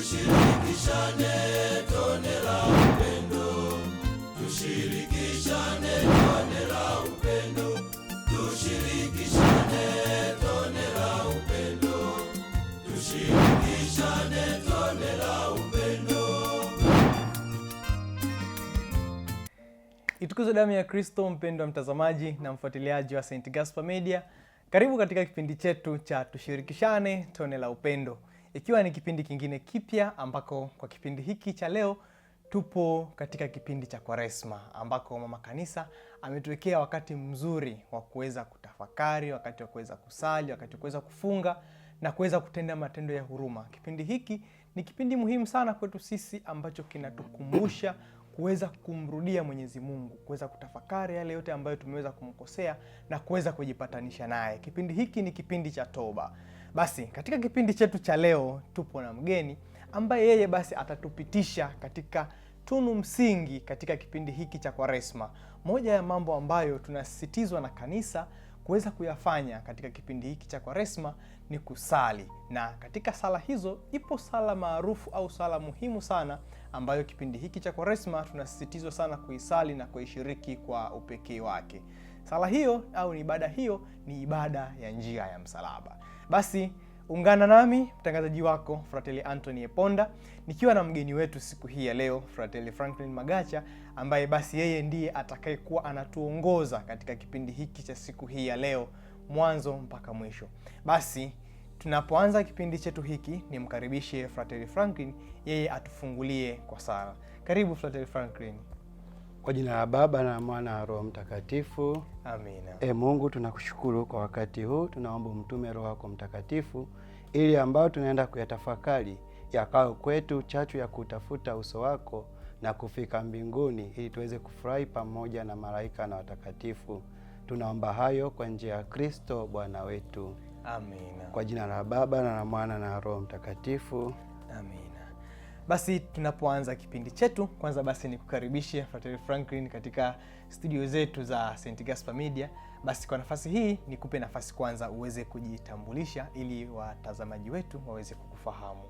tushirikishane tone la upendo, tushirikishane tone la upendo, tushirikishane tone la upendo, tushirikishane tone la upendo. Itukuzwe damu ya Kristo! Mpendwa mtazamaji na mfuatiliaji wa St. Gaspar Media, karibu katika kipindi chetu cha tushirikishane tone la upendo ikiwa ni kipindi kingine kipya ambako kwa kipindi hiki cha leo tupo katika kipindi cha Kwaresma ambako mama kanisa ametuwekea wakati mzuri wa kuweza kutafakari, wakati wa kuweza kusali, wakati wa kuweza kufunga na kuweza kutenda matendo ya huruma. Kipindi hiki ni kipindi muhimu sana kwetu sisi ambacho kinatukumbusha kuweza kumrudia Mwenyezi Mungu, kuweza kutafakari yale yote ambayo tumeweza kumkosea na kuweza kujipatanisha naye. Kipindi hiki ni kipindi cha toba. Basi katika kipindi chetu cha leo tupo na mgeni ambaye yeye basi atatupitisha katika tunu msingi katika kipindi hiki cha Kwaresma. Moja ya mambo ambayo tunasisitizwa na kanisa kuweza kuyafanya katika kipindi hiki cha Kwaresma ni kusali, na katika sala hizo ipo sala maarufu au sala muhimu sana ambayo kipindi hiki cha Kwaresma tunasisitizwa sana kuisali na kuishiriki kwa upekee wake. Sala hiyo au ni ibada hiyo ni ibada ya njia ya msalaba. Basi ungana nami mtangazaji wako Fratelli Anthony Eponda nikiwa na mgeni wetu siku hii ya leo Fratelli Franklin Magacha, ambaye basi yeye ndiye atakayekuwa anatuongoza katika kipindi hiki cha siku hii ya leo mwanzo mpaka mwisho. Basi tunapoanza kipindi chetu hiki, nimkaribishe Fratelli Franklin yeye atufungulie kwa sala. Karibu Fratelli Franklin. Kwa jina la Baba na Mwana na Roho Mtakatifu, amina. E Mungu, tunakushukuru kwa wakati huu, tunaomba mtume Roho wako Mtakatifu ili ambayo tunaenda kuyatafakari yakawe kwetu chachu ya kutafuta uso wako na kufika mbinguni, ili tuweze kufurahi pamoja na malaika na watakatifu. Tunaomba hayo kwa njia ya Kristo Bwana wetu, amina. Kwa jina la Baba na Mwana na Roho Mtakatifu, amina. Basi tunapoanza kipindi chetu, kwanza basi nikukaribishe Frateri Franklin katika studio zetu za St. Gaspar Media. Basi kwa nafasi hii nikupe nafasi kwanza uweze kujitambulisha ili watazamaji wetu waweze kukufahamu.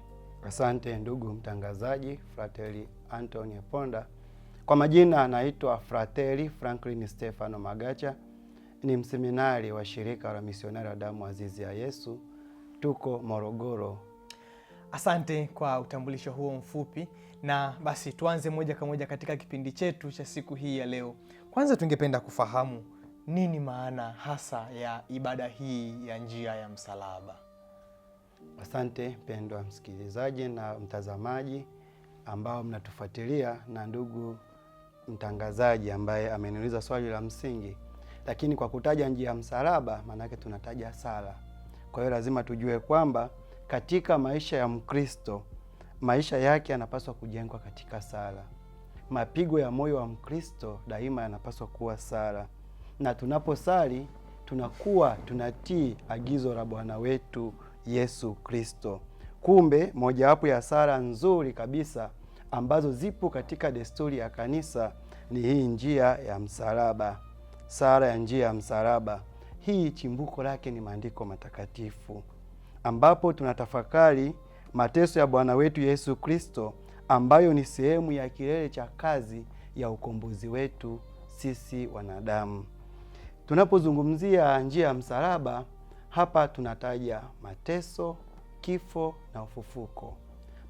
Asante ndugu mtangazaji, Frateri Anthony Ponda. Kwa majina anaitwa Frateri Franklin Stefano Magacha, ni mseminari wa shirika la misionari wa damu azizi ya Yesu, tuko Morogoro Asante kwa utambulisho huo mfupi, na basi tuanze moja kwa moja katika kipindi chetu cha siku hii ya leo. Kwanza tungependa kufahamu nini maana hasa ya ibada hii ya njia ya msalaba? Asante mpendwa msikilizaji na mtazamaji ambao mnatufuatilia na ndugu mtangazaji ambaye ameniuliza swali la msingi, lakini kwa kutaja njia ya msalaba, maanake tunataja sala. Kwa hiyo lazima tujue kwamba katika maisha ya Mkristo, maisha yake yanapaswa kujengwa katika sala. Mapigo ya moyo wa Mkristo daima yanapaswa kuwa sala, na tunaposali tunakuwa tunatii agizo la Bwana wetu Yesu Kristo. Kumbe mojawapo ya sala nzuri kabisa ambazo zipo katika desturi ya kanisa ni hii njia ya msalaba, sala ya njia ya msalaba. Hii chimbuko lake ni maandiko matakatifu ambapo tunatafakari mateso ya Bwana wetu Yesu Kristo ambayo ni sehemu ya kilele cha kazi ya ukombozi wetu sisi wanadamu. Tunapozungumzia njia ya msalaba, hapa tunataja mateso, kifo na ufufuko.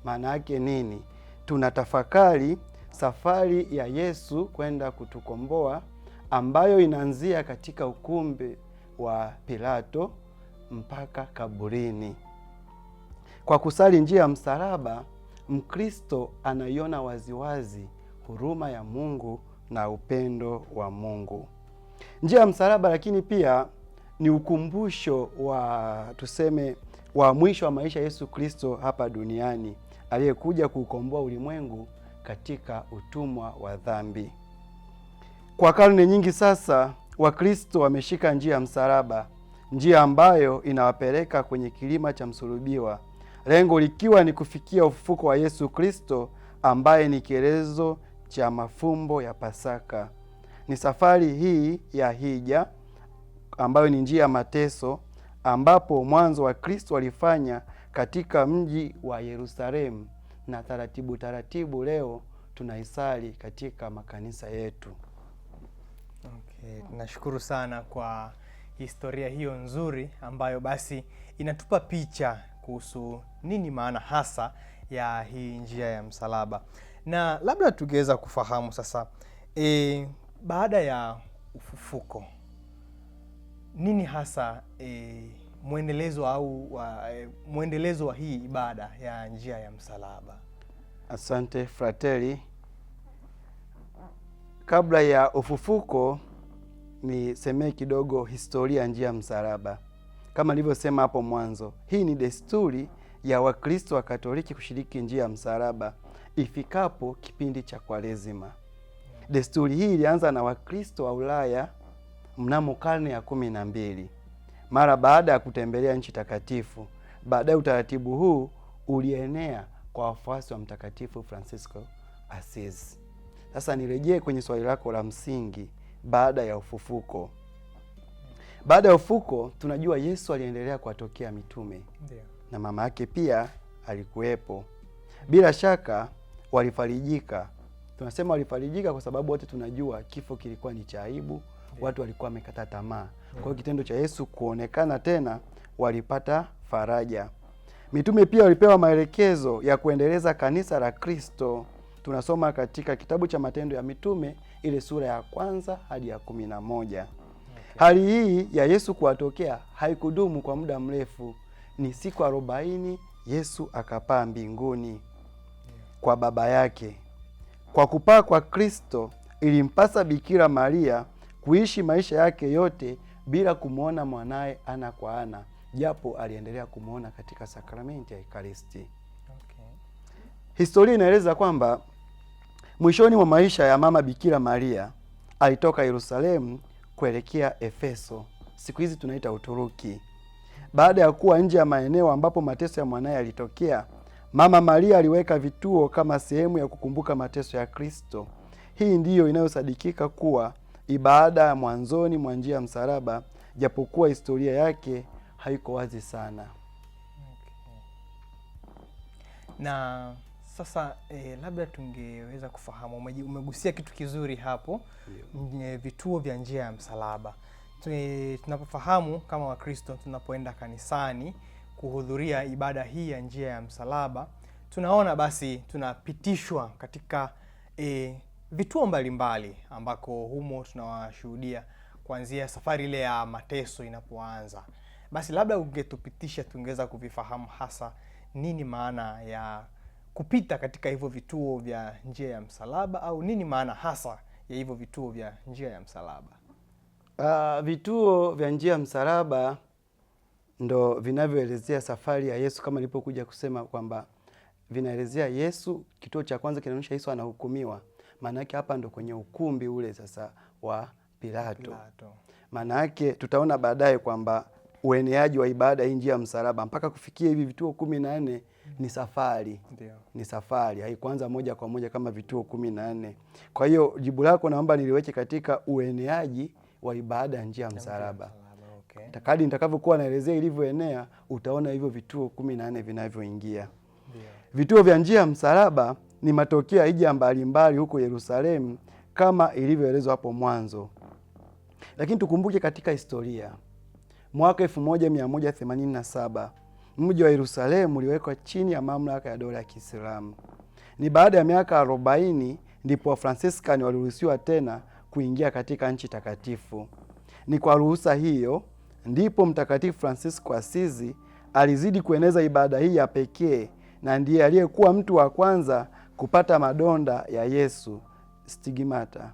Maana yake nini? Tunatafakari safari ya Yesu kwenda kutukomboa ambayo inaanzia katika ukumbi wa Pilato mpaka kaburini. Kwa kusali njia ya msalaba, Mkristo anaiona waziwazi huruma ya Mungu na upendo wa Mungu. Njia ya msalaba lakini pia ni ukumbusho wa tuseme wa mwisho wa maisha Yesu Kristo hapa duniani aliyekuja kuukomboa ulimwengu katika utumwa wa dhambi. Kwa karne nyingi sasa Wakristo wameshika njia ya msalaba njia ambayo inawapeleka kwenye kilima cha msulubiwa, lengo likiwa ni kufikia ufufuko wa Yesu Kristo ambaye ni kielezo cha mafumbo ya Pasaka. Ni safari hii ya hija ambayo ni njia ya mateso, ambapo mwanzo wa Kristo alifanya katika mji wa Yerusalemu, na taratibu taratibu leo tunaisali katika makanisa yetu. Okay, tunashukuru sana kwa historia hiyo nzuri ambayo basi inatupa picha kuhusu nini maana hasa ya hii njia ya msalaba, na labda tungeweza kufahamu sasa e, baada ya ufufuko nini hasa e, mwendelezo au wa, e, mwendelezo wa hii ibada ya njia ya msalaba. Asante frateli. Kabla ya ufufuko nisemee kidogo historia ya njia ya msalaba. Kama nilivyosema hapo mwanzo, hii ni desturi ya Wakristo wa Katoliki kushiriki njia ya msalaba ifikapo kipindi cha Kwaresima. Desturi hii ilianza na Wakristo wa Ulaya mnamo karne ya kumi na mbili mara baada ya kutembelea nchi takatifu. Baadaye utaratibu huu ulienea kwa wafuasi wa Mtakatifu Francisco Asizi. Sasa nirejee kwenye swali lako la msingi baada ya ufufuko. Baada ya ufufuko, tunajua Yesu aliendelea kuwatokea mitume Ndiyo. na mama yake pia alikuwepo. Bila shaka walifarijika. Tunasema walifarijika kwa sababu wote tunajua kifo kilikuwa ni cha aibu, watu walikuwa wamekata tamaa. Kwa hiyo kitendo cha Yesu kuonekana tena, walipata faraja. Mitume pia walipewa maelekezo ya kuendeleza kanisa la Kristo tunasoma katika kitabu cha Matendo ya Mitume ile sura ya kwanza hadi ya kumi na moja. Hali hii ya Yesu kuwatokea haikudumu kwa muda mrefu, ni siku arobaini. Yesu akapaa mbinguni kwa Baba yake. Kwa kupaa kwa Kristo ilimpasa Bikira Maria kuishi maisha yake yote bila kumwona mwanaye ana kwa ana, japo aliendelea kumwona katika sakramenti ya Ekaristi. Okay. Historia inaeleza kwamba Mwishoni mwa maisha ya mama Bikira Maria alitoka Yerusalemu kuelekea Efeso, siku hizi tunaita Uturuki. Baada ya kuwa nje ya maeneo ambapo mateso ya mwanaye yalitokea, mama Maria aliweka vituo kama sehemu ya kukumbuka mateso ya Kristo. Hii ndiyo inayosadikika kuwa ibada ya mwanzoni mwa njia ya msalaba, japokuwa historia yake haiko wazi sana. Okay. Na sasa eh, labda tungeweza kufahamu, umegusia kitu kizuri hapo yeah. Mm, vituo vya njia ya msalaba tunapofahamu kama Wakristo tunapoenda kanisani kuhudhuria ibada hii ya njia ya msalaba, tunaona basi tunapitishwa katika e, vituo mbalimbali mbali, ambako humo tunawashuhudia kuanzia safari ile ya mateso inapoanza. Basi labda ungetupitisha, tungeweza kuvifahamu hasa nini maana ya kupita katika hivyo vituo vya njia ya msalaba au nini maana hasa ya hivyo vituo vya njia ya msalaba? Uh, vituo vya njia ya msalaba ndo vinavyoelezea safari ya Yesu kama nilipokuja kusema kwamba vinaelezea Yesu. Kituo cha kwanza kinaonyesha Yesu anahukumiwa, maana yake hapa ndo kwenye ukumbi ule sasa wa Pilato, Pilato. Maana yake tutaona baadaye kwamba ueneaji wa ibada hii njia ya msalaba mpaka kufikia hivi vituo kumi na nne ni safari Ndiyo. ni safari haikuanza moja kwa moja kama vituo kumi na nne. Kwa hiyo jibu lako naomba niliweke katika ueneaji wa ibada ya njia ya msalaba. Okay. nitakavyokuwa naelezea ilivyoenea utaona hivyo vituo kumi na nne vinavyoingia. Vituo vya njia ya msalaba ni matokeo ya hija mbalimbali huko Yerusalemu kama ilivyoelezwa hapo mwanzo, lakini tukumbuke katika historia mwaka 1187 mji wa Yerusalemu uliwekwa chini ya mamlaka ya dola ya Kiislamu. Ni baada ya miaka 40 ndipo Wafransiskani waliruhusiwa tena kuingia katika nchi takatifu. Ni kwa ruhusa hiyo ndipo Mtakatifu Francisco Asizi alizidi kueneza ibada hii ya pekee na ndiye aliyekuwa mtu wa kwanza kupata madonda ya Yesu stigmata.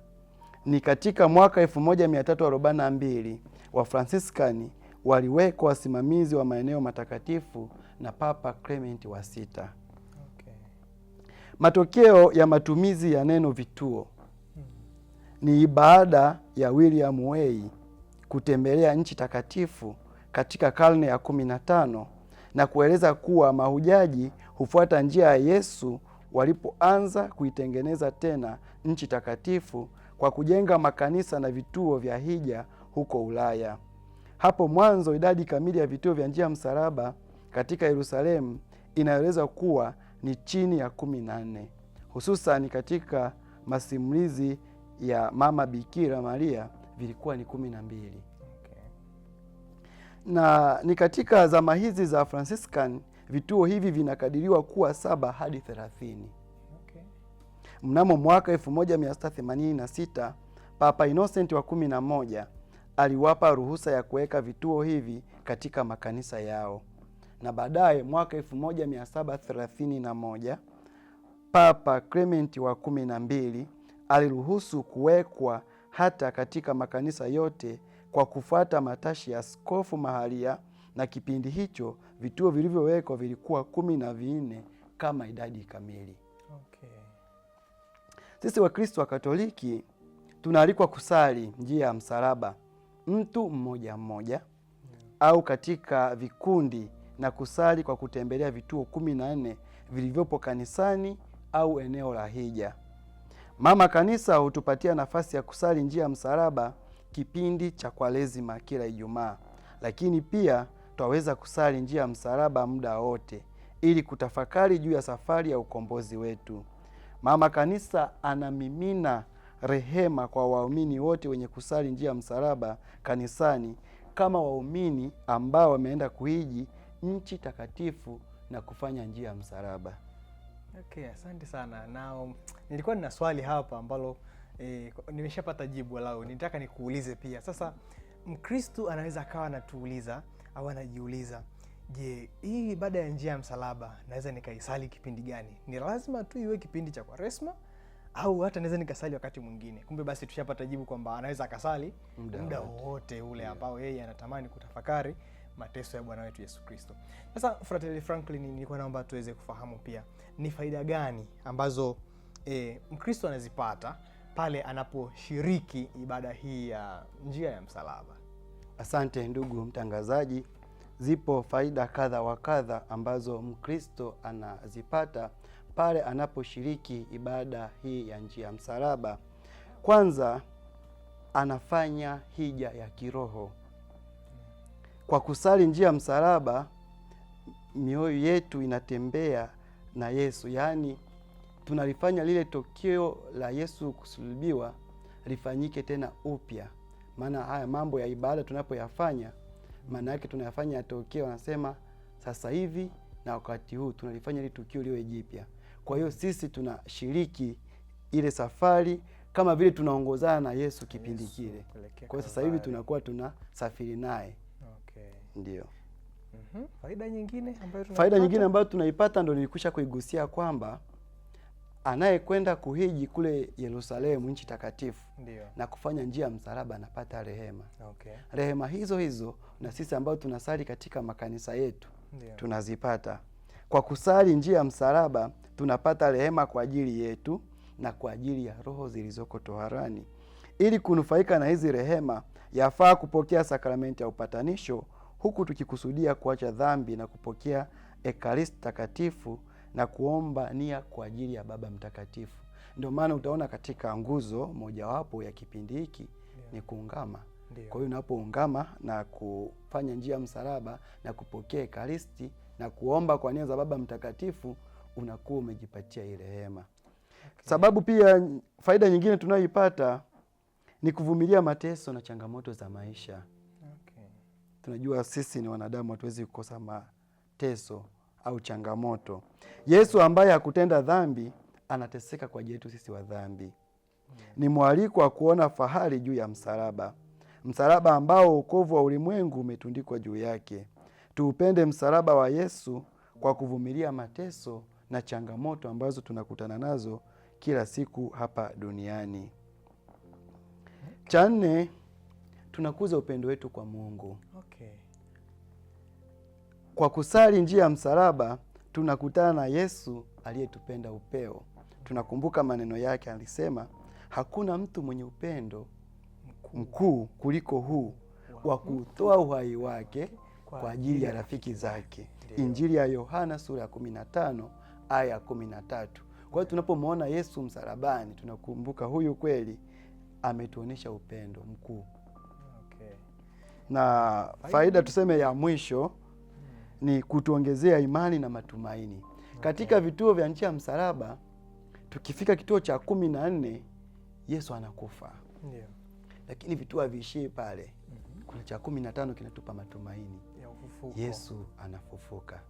Ni katika mwaka 1342 Wafransiskani waliwekwa wasimamizi wa maeneo matakatifu na Papa Clement wa sita. Matokeo ya matumizi ya neno vituo ni ibada ya William Way kutembelea nchi takatifu katika karne ya kumi na tano na kueleza kuwa mahujaji hufuata njia ya Yesu walipoanza kuitengeneza tena nchi takatifu kwa kujenga makanisa na vituo vya hija huko Ulaya. Hapo mwanzo idadi kamili ya vituo vya njia msalaba katika Yerusalemu inaeleza kuwa ni chini ya kumi na nne, hususan katika masimulizi ya mama Bikira Maria vilikuwa ni kumi na mbili. Okay. Na ni katika zama hizi za Franciscan vituo hivi vinakadiriwa kuwa saba hadi thelathini. Okay. Mnamo mwaka 1686 Papa Innocent wa kumi na moja aliwapa ruhusa ya kuweka vituo hivi katika makanisa yao, na baadaye mwaka 1731 Papa Clement wa kumi na mbili aliruhusu kuwekwa hata katika makanisa yote kwa kufuata matashi ya askofu mahalia, na kipindi hicho vituo vilivyowekwa vilikuwa kumi na vinne kama idadi kamili. Okay. Sisi Wakristo wa Katoliki tunaalikwa kusali njia ya msalaba mtu mmoja mmoja au katika vikundi na kusali kwa kutembelea vituo kumi na nne vilivyopo kanisani au eneo la hija. Mama Kanisa hutupatia nafasi ya kusali njia ya msalaba kipindi cha Kwaresima kila Ijumaa, lakini pia twaweza kusali njia ya msalaba muda wote ili kutafakari juu ya safari ya ukombozi wetu. Mama Kanisa anamimina rehema kwa waumini wote wenye kusali njia ya msalaba kanisani kama waumini ambao wameenda kuiji nchi takatifu na kufanya njia ya msalaba. Okay, asante sana. Na um, nilikuwa nina swali hapa ambalo e, nimeshapata jibu lao, nitaka nikuulize pia. Sasa Mkristu anaweza akawa anatuuliza au anajiuliza, je, hii ibada ya njia ya msalaba naweza nikaisali kipindi gani? Ni lazima tu iwe kipindi cha Kwaresma au hata naweza nikasali wakati mwingine. Kumbe basi tushapata jibu kwamba anaweza akasali muda wowote ule yeah, ambao yeye anatamani kutafakari mateso ya Bwana wetu Yesu Kristo. Sasa Frateli Franklin, nilikuwa naomba tuweze kufahamu pia ni faida gani ambazo e, Mkristo anazipata pale anaposhiriki ibada hii ya njia ya msalaba. Asante ndugu mtangazaji. Zipo faida kadha wa kadha ambazo Mkristo anazipata pale anaposhiriki ibada hii ya njia ya msalaba. Kwanza anafanya hija ya kiroho kwa kusali njia ya msalaba, mioyo yetu inatembea na Yesu, yaani tunalifanya lile tokio la Yesu kusulubiwa lifanyike tena upya. Maana haya mambo ya ibada tunapoyafanya, maana yake tunayafanya tokeo, anasema sasa hivi na wakati huu tunalifanya lile tukio liwe jipya. Kwa hiyo sisi tunashiriki ile safari kama vile tunaongozana na Yesu kipindi kile. Kwa hiyo sasa hivi tunakuwa tunasafiri naye. Okay. Ndio. Mm -hmm. Faida nyingine ambayo tunaipata, faida nyingine ambayo tunaipata ndio nilikusha kuigusia kwamba anayekwenda kuhiji kule Yerusalemu nchi takatifu na kufanya njia ya msalaba anapata rehema. Okay. Rehema hizo hizo na sisi ambao tunasali katika makanisa yetu Ndiyo. tunazipata. Kwa kusali njia ya msalaba tunapata rehema kwa ajili yetu na kwa ajili ya roho zilizoko toharani. Ili kunufaika na hizi rehema, yafaa kupokea sakramenti ya upatanisho, huku tukikusudia kuacha dhambi na kupokea ekaristi takatifu na kuomba nia kwa ajili ya Baba Mtakatifu. Ndio maana utaona katika nguzo mojawapo ya kipindi hiki ni kuungama. Kwa hiyo unapoungama na kufanya njia msalaba na kupokea ekaristi na kuomba kwa nia za Baba Mtakatifu, unakuwa umejipatia ile rehema. Okay. Sababu pia faida nyingine tunayoipata ni kuvumilia mateso na changamoto za maisha. Okay. Tunajua sisi ni wanadamu, hatuwezi kukosa mateso au changamoto. Yesu ambaye hakutenda dhambi anateseka kwa ajili yetu sisi wa dhambi. Hmm. Ni mwaliko wa kuona fahari juu ya msalaba, msalaba ambao wokovu wa ulimwengu umetundikwa juu yake tuupende msalaba wa Yesu kwa kuvumilia mateso na changamoto ambazo tunakutana nazo kila siku hapa duniani. Cha nne, tunakuza upendo wetu kwa Mungu. Okay. Kwa kusali njia ya msalaba tunakutana na Yesu aliyetupenda upeo. Tunakumbuka maneno yake, alisema hakuna mtu mwenye upendo mkuu kuliko huu wa kutoa uhai wake kwa ajili ya rafiki zake. Injili ya Yohana sura ya 15 aya ya 13. Kwa hiyo tunapomwona Yesu msalabani tunakumbuka huyu kweli ametuonesha upendo mkuu. Okay. Na faida, faida tuseme ya mwisho hmm. ni kutuongezea imani na matumaini katika vituo vya nchi ya msalaba. Tukifika kituo cha kumi na nne Yesu anakufa, yeah, lakini vituo haviishii pale. Chakula cha kumi na tano kinatupa matumaini ya ufufuko. Yesu anafufuka,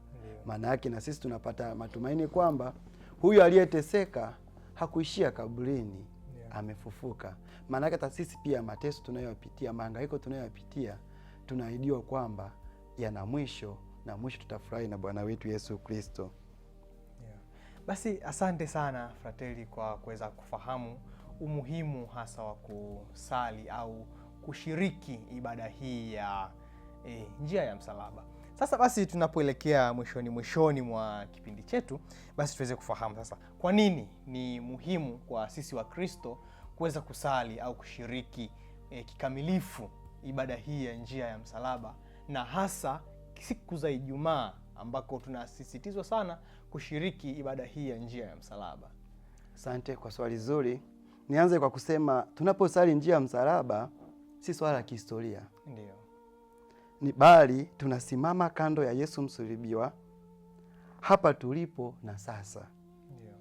maana yake na sisi tunapata matumaini kwamba huyu aliyeteseka hakuishia kaburini, amefufuka. Maana yake hata sisi pia mateso tunayopitia, mahangaiko tunayoyapitia, tunaahidiwa kwamba yana mwisho na mwisho tutafurahi na Bwana wetu Yesu Kristo. Yeah. Basi asante sana frateli kwa kuweza kufahamu umuhimu hasa wa kusali au kushiriki ibada hii ya e, njia ya msalaba. Sasa basi tunapoelekea mwishoni mwishoni mwa kipindi chetu, basi tuweze kufahamu sasa kwa nini ni muhimu kwa sisi wa kristo kuweza kusali au kushiriki e, kikamilifu ibada hii ya njia ya msalaba na hasa siku za Ijumaa ambako tunasisitizwa sana kushiriki ibada hii ya njia ya msalaba. Asante kwa swali zuri. Nianze kwa kusema tunaposali njia ya msalaba si swala la kihistoria ndio ni, bali tunasimama kando ya Yesu msulubiwa hapa tulipo na sasa, ndio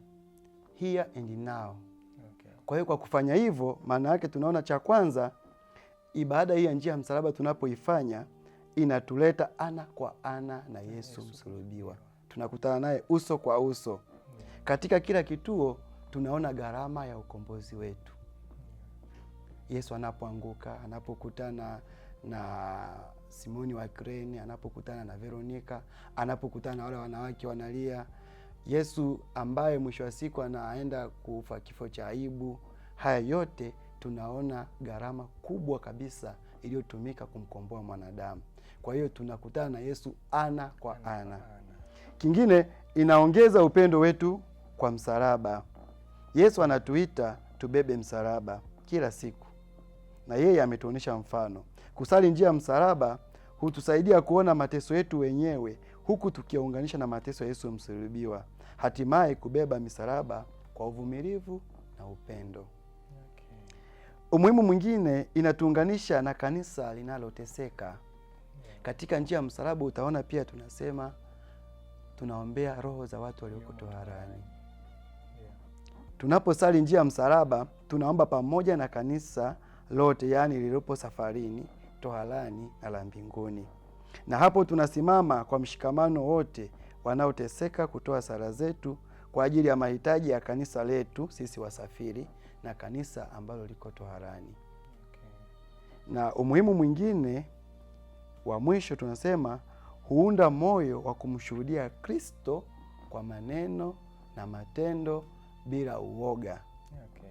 here and now. Okay. Kwa hiyo kwa kufanya hivyo, maana yake tunaona cha kwanza, ibada hii ya njia ya msalaba tunapoifanya inatuleta ana kwa ana na Yesu msulubiwa, tunakutana naye uso kwa uso. Katika kila kituo tunaona gharama ya ukombozi wetu. Yesu anapoanguka, anapokutana na Simoni wa Kirene, anapokutana na Veronika, anapokutana na wale wanawake wanalia, Yesu ambaye mwisho wa siku anaenda kufa kifo cha aibu. Haya yote tunaona gharama kubwa kabisa iliyotumika kumkomboa mwanadamu. Kwa hiyo tunakutana na Yesu ana kwa ana, ana. Kingine inaongeza upendo wetu kwa msalaba. Yesu anatuita tubebe msalaba kila siku na yeye ametuonyesha mfano. Kusali njia ya msalaba hutusaidia kuona mateso yetu wenyewe huku tukiyaunganisha na mateso ya Yesu msulubiwa, hatimaye kubeba misalaba kwa uvumilivu na upendo. Okay. Umuhimu mwingine inatuunganisha na kanisa linaloteseka. Katika njia ya msalaba utaona pia tunasema tunaombea roho za watu walioko toharani. Tunaposali njia ya msalaba tunaomba pamoja na kanisa lote, yaani lilipo safarini, toharani na la mbinguni. Na hapo tunasimama kwa mshikamano wote wanaoteseka kutoa sala zetu kwa ajili ya mahitaji ya kanisa letu sisi wasafiri na kanisa ambalo liko toharani. Na umuhimu mwingine wa mwisho tunasema huunda moyo wa kumshuhudia Kristo kwa maneno na matendo bila uoga. Okay.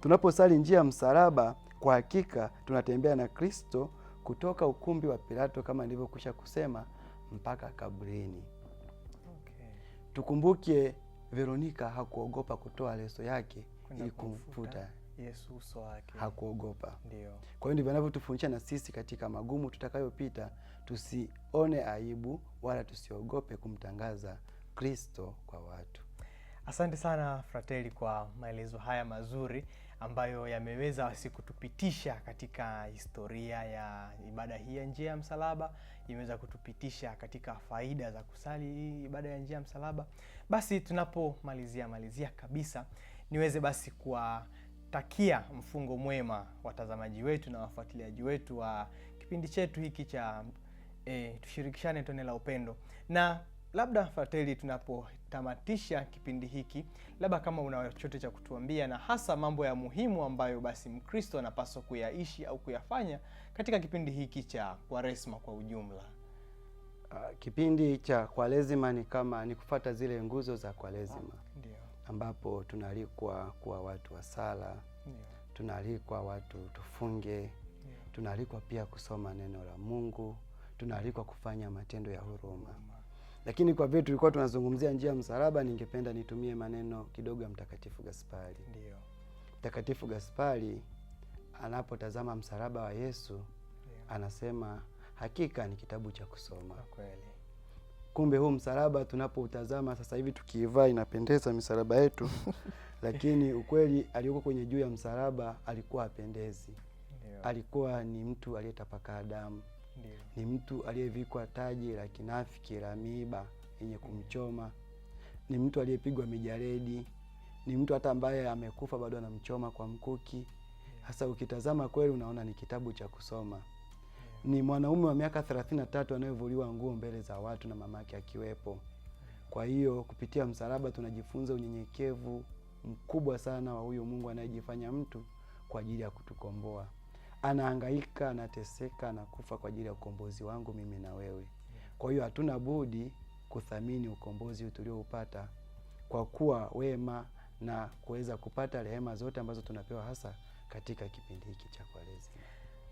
Tunaposali njia ya msalaba, kwa hakika tunatembea na Kristo kutoka ukumbi wa Pilato kama nilivyokwisha kusema mpaka kaburini. Okay. Tukumbuke Veronika hakuogopa kutoa leso yake ili kumfuta Yesu uso wake. Hakuogopa. Ndio. Kwa hiyo ndivyo anavyotufundisha na sisi katika magumu tutakayopita, tusione aibu wala tusiogope kumtangaza Kristo kwa watu. Asante sana Frateli kwa maelezo haya mazuri ambayo yameweza kutupitisha katika historia ya ibada hii ya njia ya msalaba, imeweza kutupitisha katika faida za kusali hii ibada ya njia ya msalaba. Basi tunapomalizia malizia kabisa, niweze basi kuwatakia mfungo mwema watazamaji wetu na wafuatiliaji wetu wa kipindi chetu hiki cha e, tushirikishane tone la upendo na labda Fratelli, tunapotamatisha kipindi hiki, labda kama una chochote cha kutuambia, na hasa mambo ya muhimu ambayo basi Mkristo anapaswa kuyaishi au kuyafanya katika kipindi hiki cha Kwaresma kwa ujumla. Uh, kipindi cha Kwaresima ni kama ni kufata zile nguzo za Kwaresima ah, ambapo tunaalikwa kuwa watu wa sala, tunaalikwa watu tufunge, tunaalikwa pia kusoma neno la Mungu, tunaalikwa kufanya matendo ya huruma lakini kwa vile tulikuwa tunazungumzia njia ya msalaba, ningependa nitumie maneno kidogo ya Mtakatifu Gaspari. Ndio. Mtakatifu Gaspari anapotazama msalaba wa Yesu Ndio. anasema hakika ni kitabu cha kusoma. Kweli. Kumbe huu msalaba tunapoutazama sasa hivi tukiivaa inapendeza misalaba yetu lakini ukweli aliyekuwa kwenye juu ya msalaba alikuwa apendezi. Ndio. alikuwa ni mtu aliyetapakaa damu. Ndiyo. Ni mtu aliyevikwa taji la kinafiki la miiba yenye kumchoma, ni mtu aliyepigwa mijaredi, ni mtu hata ambaye amekufa bado anamchoma kwa mkuki. Hasa ukitazama kweli unaona ni kitabu cha kusoma. Ni mwanaume wa miaka 33 anayevuliwa nguo mbele za watu na mamake akiwepo. Kwa hiyo kupitia msalaba tunajifunza unyenyekevu mkubwa sana wa huyu Mungu anayejifanya mtu kwa ajili ya kutukomboa anaangaika anateseka, anakufa kwa ajili ya ukombozi wangu mimi na wewe. Kwa hiyo hatuna budi kuthamini ukombozi tulioupata kwa kuwa wema na kuweza kupata rehema zote ambazo tunapewa hasa katika kipindi hiki cha Kwaresima.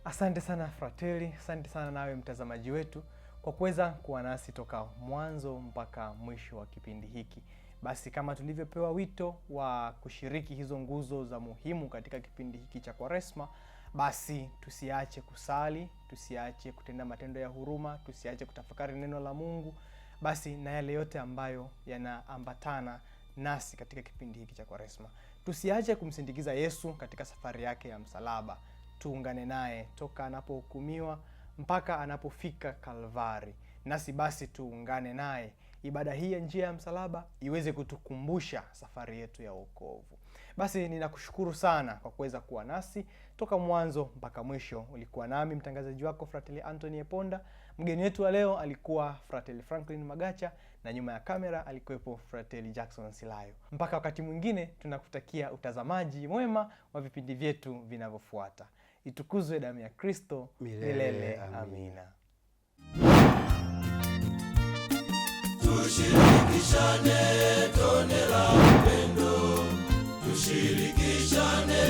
Asante sana frateli, asante sana nawe mtazamaji wetu kwa kuweza kuwa nasi toka mwanzo mpaka mwisho wa kipindi hiki. Basi kama tulivyopewa wito wa kushiriki hizo nguzo za muhimu katika kipindi hiki cha Kwaresma, basi tusiache kusali, tusiache kutenda matendo ya huruma, tusiache kutafakari neno la Mungu, basi na yale yote ambayo yanaambatana nasi katika kipindi hiki cha Kwaresma. Tusiache kumsindikiza Yesu katika safari yake ya msalaba, tuungane naye toka anapohukumiwa mpaka anapofika Kalvari. Nasi basi tuungane naye. Ibada hii ya njia ya msalaba iweze kutukumbusha safari yetu ya wokovu. Basi ninakushukuru sana kwa kuweza kuwa nasi toka mwanzo mpaka mwisho. Ulikuwa nami mtangazaji wako Frateli antony Eponda. Mgeni wetu wa leo alikuwa Frateli Franklin Magacha na nyuma ya kamera alikuwepo Frateli Jackson Silayo. Mpaka wakati mwingine, tunakutakia utazamaji mwema wa vipindi vyetu vinavyofuata. Itukuzwe damu ya Kristo! Milele amina. Tushirikishane tone la upendo Tushirikishane